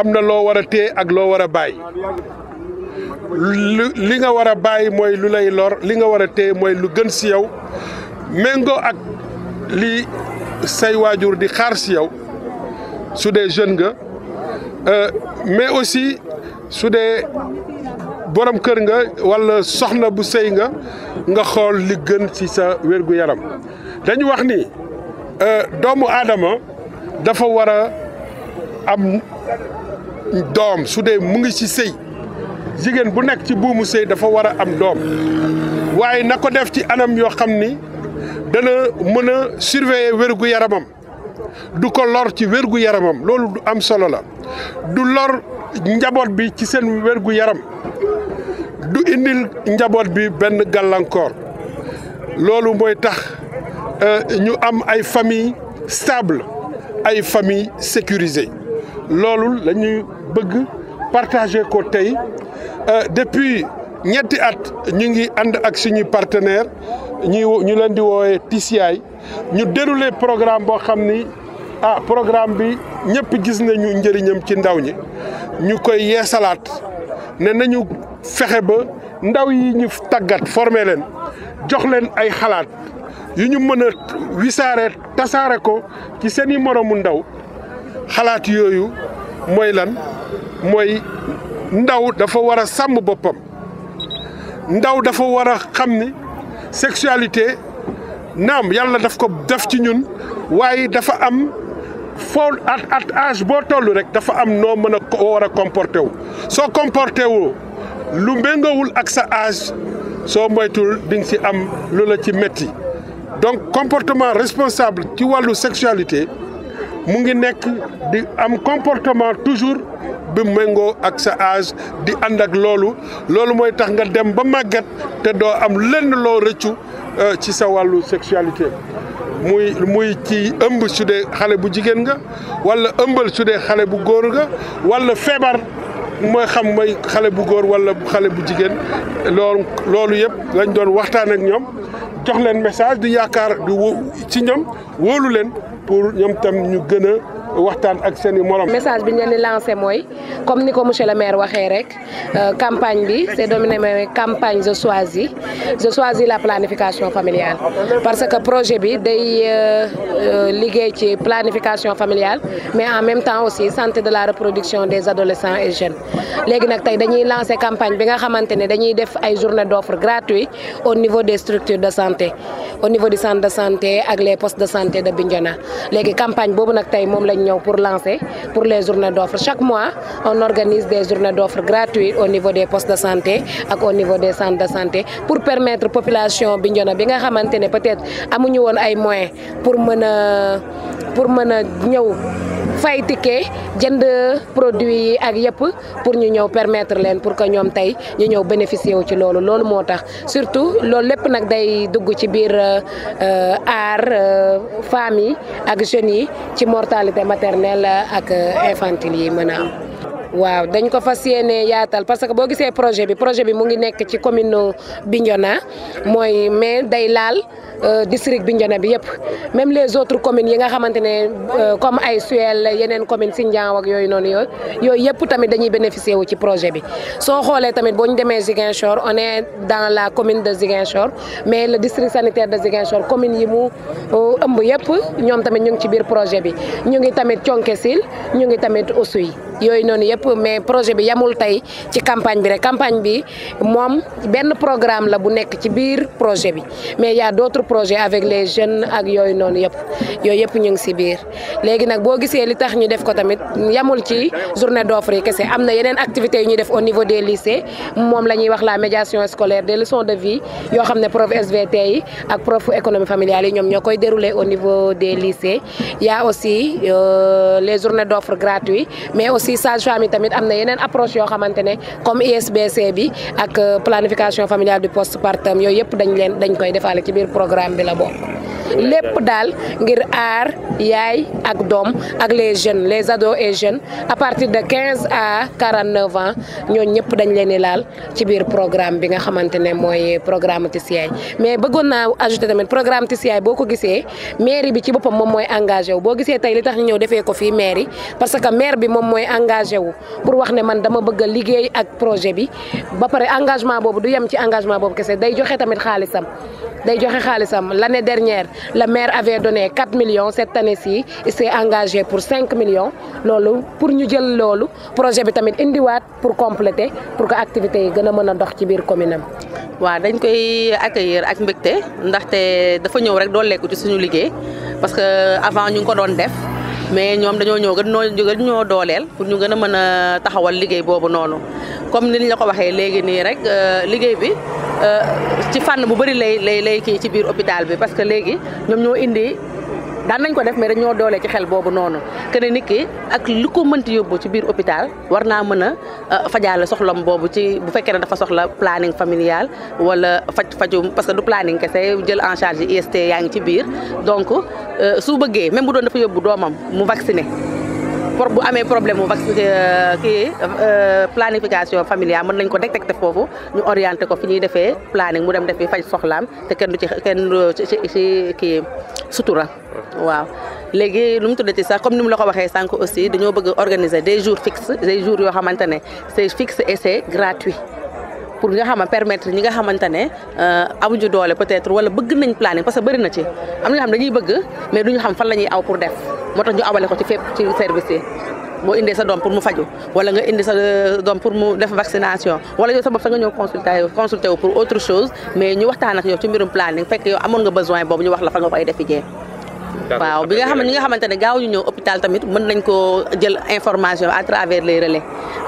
amna lo wara té ak lo wara bay li nga wara bay moy mooy lu lor li nga wara a moy lu gën ci yow mengo ak li say wajur di xaar ci yow su dee jeune nga euh, mais aussi su dee borom kër nga wala soxna bu sey nga nga xol li gën ci sa wergu yaram dañ wax ni euh, doomu adama dafa wara am doom su dee mu ngi ci sëy jigéen bu nekk ci buumu sëy dafa war a am doom waaye na ko def ci anam yoo xam ni dana mën a surveiller wérgu yaramam du ko lor ci wérgu yaramam loolu du am solo la du lor njaboot bi ci seen wérgu yaram du indil njaboot bi benn gàllankoor loolu mooy tax euh, ñu am ay famille stable ay famille sécurisée loolu la ñuy bëgg partager ko tey euh, depuis ñetti at ñu ngi ànd ak suñuy partenaire ñi ñu leen di woowee TCI ñu déroulé programme boo xam ni ah programme bi ñëpp gis nañu njëriñam ci ndaw ñi ñu koy yeesalaat ne nañu fexe ba ndaw yi ñu tàggat former leen jox leen ay xalaat yu ñu mën a wisaare tasaare ko ci seeni moromu ndaw xalaat yooyu mooy lan mooy ndaw dafa war a sàmm boppam ndaw dafa war a xam ni sexualité naam yàlla daf ko def ci ñun waaye dafa am foo at age boo toll rek dafa am noo mën a ko war a comporté wu soo comporté wu lu mbéngowul ak sa âge soo moytul di si am lu la ci metti donc comportement responsable ci wàllu sexualité mu ngi nekk di am comportement toujours bi méngoo ak sa age di ànd ak loolu loolu mooy tax nga dem ba màggat te doo am lenn loo rëccu euh, ci sa wàllu sexualité muy muy ci ëmb su xale bu jigéen nga walla ëmbal su xale bu góor nga walla feebar mooy xam mooy xale bu góor walla xale bu jigéen loolu loolu yëpp lañ doon waxtaan ak ñoom jox leen message di yaakaar di ci ñoom wóolu leen pour message que nous lancé comme le maire dit, euh, campagne c'est la campagne je choisis je choisis la planification familiale parce que le projet est lié à planification familiale mais en même temps aussi santé de la reproduction des adolescents et jeunes. Les nak tay dañuy lancer campagne bi nga xamantene des dañuy def ay au niveau des structures de santé au niveau des centres de santé et les postes de santé de Binjana, Les campagne ont nak tay pour lancer pour les journées d'offres. chaque mois on organise des journées d'offres gratuites au niveau des postes de santé et au niveau des centres de santé pour permettre population populations, bi nga xamantene peut-être amuñu won ay pour mëna pour fay ticket jënd produit yi ak yëpp pour ñu ñëw permettre leen pour que ñoom tey ñu ñëw bénéficier wu ci loolu loolu moo tax surtout loolu lépp nag day dugg ci biir aar euh, euh, femmes yi ak jeunes yi ci mortalité maternelle ak euh, infantile yi mën a am waaw dañ ko fas yéene yaatal parce que boo gisee projet bi projet bi mu ngi nekk ci commune Bignona mooy mais day laal Euh, district bi Bignona bi yépp même les autres communes yi nga xamante euh, comme ay Suel yeneen communes Sindian ak yoy noonu yoy yooyu yëpp tamit dañuy bénéficier wu ci projet bi so xolé tamit boñ démé Ziguinchor on est dans la commune de Ziguinchor mais le district sanitaire de Ziguinchor commune yi mu euh, ëmb yépp ñom tamit ñu ngi ci biir projet bi ñu ngi tamit Thionkesil ñu ngi tamit osuy yoy noonu yépp mais projet bi yamul tay ci campagne bi rek campagne bi mom benn programme la bu nekk ci biir projet bi mais il y a d'autres projet avec les jeunes ak yoy noonu yep yoy yep ñu ngi si biir léegi nak bo gisee li tax ñu def ko tamit yamul ci journée d'offre activités def au niveau des lycées mom la wax la médiation scolaire des leçons de vie yo a des prof SVT yi ak profs économie familiale ñom ñokoy déroulé au niveau des lycées Il y a aussi euh, les journées d'offre gratuites mais aussi sage-femme tamit amna yenen approche yo xamantene comme ISBC bi ak euh, planification familiale du postpartum yoy yep dañ leen dañ koy defaale ci biir programme Marambila po. lépp dal ngir ar yaay ak dom ak les jeunes les ados et jeunes à partir de 15 à 49 ans ñooñu ñëpp dañ leen laal ci biir programme bi nga xamante moy mooy programme mais bëggoon naa ajouter tamit programme Tisyaay boko ko mairie bi ci bopam mom moy engagé wu bo gisee tay li tax ñu ñëw ko fi mairie parce que maire bi mom moy engagé wu pour wax né man dama bëgg liggéey ak projet bi ba paré engagement bobu du yam ci engagement bobu kessé day joxé tamit xaalisam day joxé xaalisam l'année dernière le maire avait donné 4 millions cette année-ci il s'est engagé pour 5 millions loolu pour ñu jël loolu projet bi tamit pour compléter pour que l'activité yi gën a dox ci biir commune am. waaw dañ koy accueillir ak mbégte ndaxte dafa ñëw rek doon lekku ci suñu parce que avant ñu ngi ko doon def mais ñom dañoo ñëw gën ñoo gën ñoo dooleel pour ñu gëna mëna taxawal liggéey bobu noonu comme ni la ko waxé légui ni rek euh, liggéey bi. ci fànn bu bëri lay lay lay kii ci biir hôpital bi parce que léegi ñoom ñoo indi daan nañ ko def mais dañ ñoo doole ci xel boobu noonu que ne nit ak lu ko mënti yóbbu ci biir hôpital war naa mën a euh, fajaale soxlam boobu ci bu fekkee ne dafa soxla planning familial wala faj fajum parce que du planning kese jël en charge IST yaa ngi ci biir donc euh, su bëggee même bu doon dafa yóbbu doomam mu vacciné pour bu amee problème mu vac euh, kii euh, planification familiale mën nañ ko détecter foofu ñu orienté ko fi ñuy defee planning mu dem defi faj soxlaam te kenn du kenn du ci ci sutura. waaw léegi nu mu tuddati sax comme ni mu la ko waxee sànq aussi dañoo bëgg organiser des jours fixes des jours yoo xamante ne c'est fixe et c'est gratuit. pour nga xam permettre ñi nga xamante ne euh, amuñu doole peut-être wala bëgg nañ planning parce que bëri na ci am na ñoo xam dañuy bëgg mais duñu xam fan la ñuy aw pour def moo tax ñu awale ko ci fépp ci service yi. boo indee sa doom pour mu faju wala nga indi sa euh, doom pour mu def vaccination wala yow sa bopp nga ñëw consulter consulter wu pour autre chose mais ñu waxtaan ak yow ci mbirum planning fekk yow amoon nga besoin boobu ñu wax la fa nga koy defi waaw bi nga xam ñi nga xamante ne gaaw ñu ñëw hôpital tamit mën nañ koo jël information à travers les relais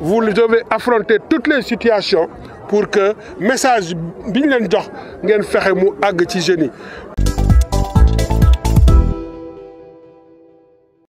vous devez affronter toutes les situations pour que message soit fait leen jox